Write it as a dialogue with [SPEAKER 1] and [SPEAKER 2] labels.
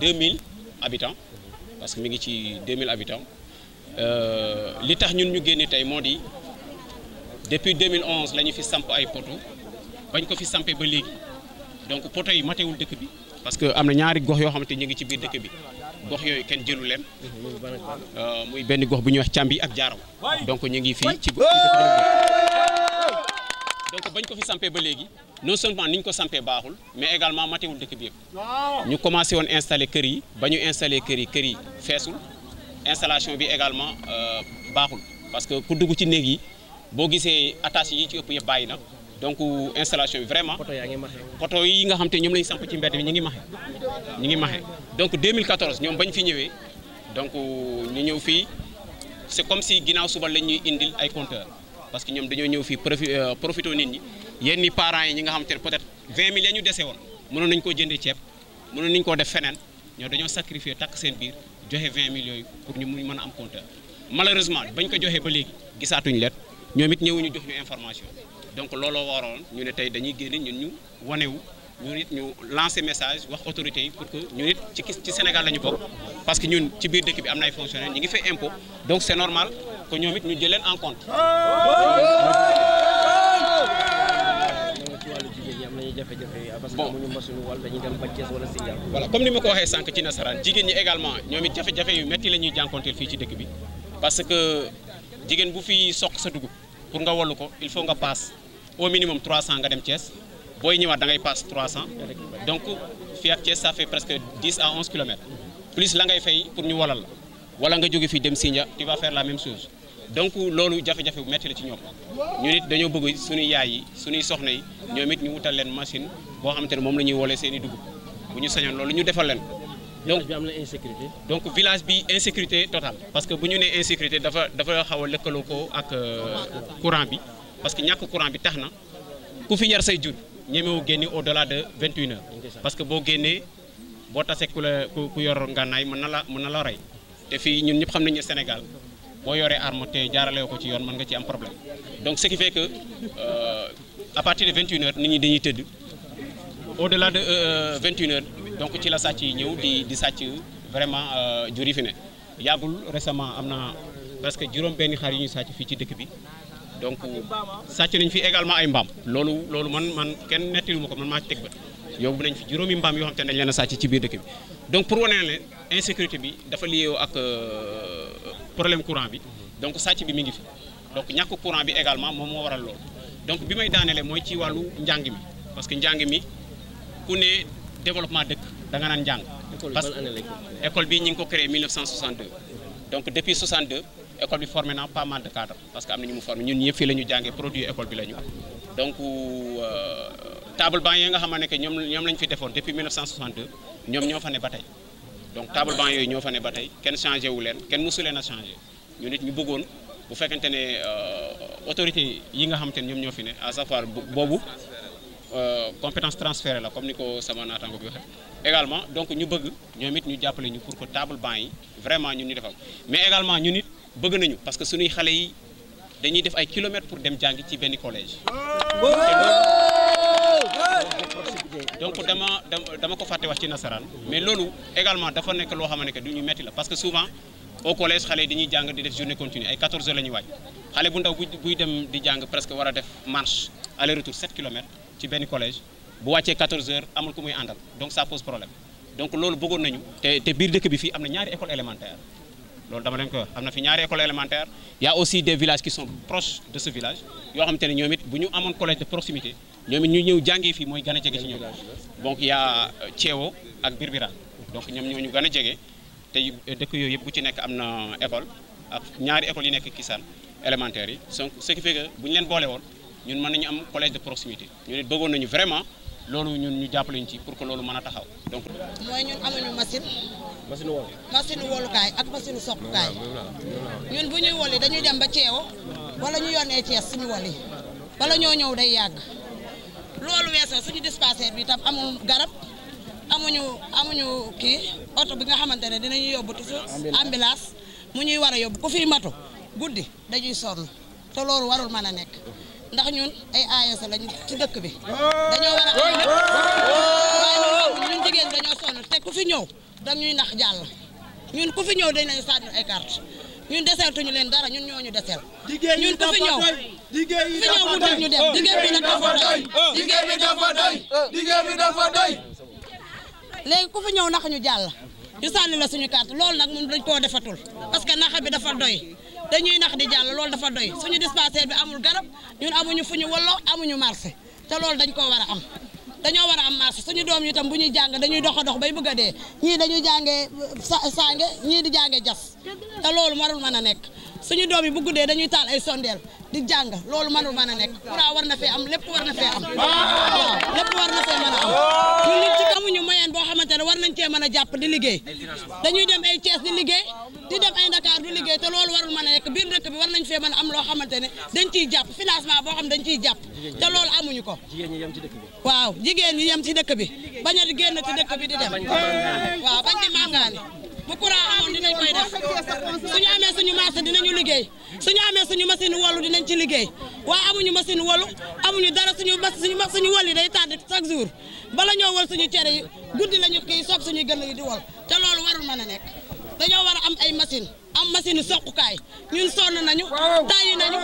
[SPEAKER 1] 2000 habitants parce que mi ngi ci 2000 habitants euh, li tax ñun ñu génne tey moo di depuis 2011 la ñu fi samp ay poteaux bañ ko fi sampee ba léegi donc poteaux yi matewul dëkk bi parce que am na ñaari gox yoo xamante ñu ngi ci biir dëkk bi gox yooyu kenn jëlu leen euh, muy benn gox bu ñuy wax càmbi ak jaaraw donc ñu ngi fii ci gox donc bañ ko fi sampee ba léegi non seulement niñ ko sampee baaxul mais également matewul dëkk bi yëpp ñu commencé woon installer kër yi bañu ñu kër yi kër yi feesul installation bi également euh, baaxul parce que ku dugg ci néeg yi boo gisee attaches yi ci ëpp yëpp bàyyi nag donc installation bi vraiment poto yi nga xam te ñoom la ñu samp ci mbedd bi ñu ngi maxe ñu ngi maxe donc 2014 ñoom bañ fi ñëwee donc euh, ñu ñëw fii c'est comme si ginnaaw suba la ñuy indil ay compteurs parce que ñoom dañoo ñëw fii profi euh, profité nit ñi yenn i yi ñi nga xam te ne peut-être 20 mille ya ñu dese woon mënoon nañu koo jëndee ceeb mënoon nañu koo def feneen ñoo dañoo sacrifier takk seen biir joxe 20 mille yooyu pour ñu mu mën a am compteur malheureusement bañ ko joxee ba léegi gisaatuñu leen ñoom it ñëwuñu jox ñu information donc looloo waroon ñu ne tey dañuy génn ñun ñu wanewu ñu nit ñu lancer message wax autorités yi pour que ñu nit ci ci Sénégal la ñu bokk parce que ñun ci biir dëkk bi am na ay fonctionnaires ñu ngi fay impôt donc c'est normal que ñoom it ñu jëleen en compte. bon voilà comme ni ma ko waxee sànq ci nasaraan jigéen ñi également ñoom it jafe-jafe yu metti la ñuy jànkonteel fii ci dëkk bi parce que jigéen bu fi soq sa dugub pour nga wallu ko il faut nga paas au minimum 300 nga dem Thiès booy ñëwaat dangay ngay paas 300 donc fii ak Thiès ça fait presque dix à 11 kilomètres plus la ngay fay pour ñu wolal la. wala nga jóge fii dem Sindia tu vas faire la même chose donc loolu jafe-jafe bu métti la ci ñoom ñu nit dañoo bëgg suñu yaay yi suñuy soxna yi ñoom it ñu wutal leen machine boo xamante ne moom la ñuy wolee seen dugub bu ñu sañoon loolu ñu defal leen donc village bi na insécurité. donc village bi insécurité totale. parce que bu ñu nee insécurité dafa dafa xaw a lëkkaloo ko ak euh, courant bi parce que ñàkk courant bi tax na ku fi yar say jur ñemewu génni au la de 21 heures. parce que boo génnee boo tasee ku la ku yor ngànnaay mën na la mën na la rey. te fii ñun ñëpp xam nañu Sénégal boo yoree arme te jaarale ko ci yoon mën nga ci am problème donc ce qui fait euh, de 21 heures nit ñi tëdd au delà de 21 euh, euh, heures donc ci la sàcc yi ñëw di di sàcc vraiment jur yi fi ne yàggul récemment am na parce que juróom benn xar yi ñu sàcc fii ci dëkk bi donc sàcc nañ fi également ay mbaam loolu loolu man man kenn nettilu ma ko man maa ci teg bët nañ fi juróomi mbaam yoo xam te nañ leen a sàcc ci biir dëkk bi donc pour wane leen insécurité bi dafa lié ak euh, problème courant bi mhm. donc sàcc bi mu ngi fi donc ñàkk courant bi également moom moo waral loolu donc bi may daaneele mooy ci wàllu njàng mi parce que njàng mi ku ne développement dëkk da nga naan njàng. parce que bi ñu ngi ko créé 1962 donc depuis 62 école bi formé na pas mal de cadres parce que am na ñu mu formé ñun ñëpp fii la ñu jàngee produit école bi la ñu donc euh, table banc yi nga xamante ne ñoom ñoom la ñu fi defoon depuis 1962 ñoom ñoo fa ne ba tey. donc table yooyu ñoo fa ne ba tey kenn changé wu leen kenn mosu leen a changé ñu nit ñu bëggoon bu fekkente ne euh, autorité yi nga xam te ñoom ñoo fi ne à savoir boobu euh, compétence transférée la comme ni ko sama naataango bi waxee également donc ñu bëgg ñoom it ñu jàppale ñu pour que table banc yi vraiment ñun ñu defal mais également ñun it bëgg nañu parce que suñuy xale yi dañuy def ay kilomètres pour dem jàng ci benn collège donc dama dama ko fàtte wax ci nasaraan mais loolu également dafa nekk loo xam ne du ñu metti la parce que souvent au collège xale yi dañuy jàng di def journée continue ay 14 heures la ñuy waaj xale bu ndaw bu buy dem di jàng presque war a def marche aller retour 7 kilomètres ci benn collège bu wàccee 14 heures amul ku muy àndal donc ça pose problème donc loolu bëggoon nañu te te biir dëkk bi fii am na ñaari école élémentaire loolu dama leen koy wax am na fi ñaari école élémentaire y' a aussi des villages qui sont proches de ce village yoo xam te ne ñoom it bu ñu amoon collège de proximité ñoom ñu ñëw jàngee fii mooy gën a jege ci ñoom donc y' a euh, Thiewo ak Birbira donc ñoom ñoo ñu gën a jege te euh, dëkk yooyu yëpp bu ci nekk am na école ak ñaari école yi nekk Kisaan élémentaire yi son ce qui fait que bu ñu leen boole woon ñun mën nañu am collège de proximité ñun it bëggoon nañu vraiment. loolu ñun ñu jàppaleñ ci pour que loolu mën a taxaw donc.
[SPEAKER 2] mooy ñun amuñu machine. machine wol. machine wolukaay ak machine soqkaay ñun bu ñuy woli dañuy dem ba ceew wala ñu yónnee Cees suñu woli wala ñoo ñëw day yàgg loolu weesoo suñu dispensaire bi tam amul garab amuñu amuñu kii oto bi nga xamante ne dinañu yóbbu toujours ambulance mu ñuy war a yóbbu ku fi matu guddi dañuy sonn te loolu warul mën a nekk. ndax ñun ay AS lañ ci dëkk bi dañoo war a waaye dañoo sonn te ku fi ñëw dañuy nax jàll ñun ku fi ñëw dañ lañ sànni ay carte ñun deseetuñu leen dara ñun ñoo ñu deseel ñun ku fi ñëw liggéey yi dafa ñu dem liggéey bi bi dafa doy liggéey ku fi ñëw nax ñu jàll ñu sànni la suñu carte loolu nag moom dañ koo defatul parce que naxa bi dafa doy dañuy nax di jàll loolu dafa doy suñu dispensaire bi amul garab ñun amuñu fu ñu walloo amuñu marché te loolu dañ koo war a am dañoo war a am marché suñu doom yi tam bu ñuy jàng dañuy dox a dox bay bëgg a dee ñii dañuy jàngee uh, sa sange ñii di jàngee jas te loolu warul mën a nekk suñu doom yi bu dee dañuy taal ay sondeel di jàng loolu mënul mën a nekk Kura war na fee am lépp war na fee am. a jàpp di liggéey dañuy dem ay Thiès di liggéey di dem ay Dakar di liggéey te loolu warul mën a nekk biir dëkk bi war nañ fee mën a am loo xamante ne dañ ciy jàpp financement boo xam dañ ciy jàpp te loolu amuñu ko waaw jigéen ñi yem ci dëkk bi bañ a génn ci dëkk bi di dem waaw bañ ci màngaani bu courant amoon dinañ koy def suñu amee suñu marché dinañu liggéey suñu amee suñu machine wolu dinañ ci liggéey waaye amuñu machine wolu amuñu dara suñu ma suñu suñu wol yi day tardé chaque jour bala ñoo wol suñu cere yi guddi lañu kii soog suñuy gën yi di wol te loolu warul mën a nekk dañoo war a am ay machine am machine soqukaay ñun sonn nañu tàyyi nañu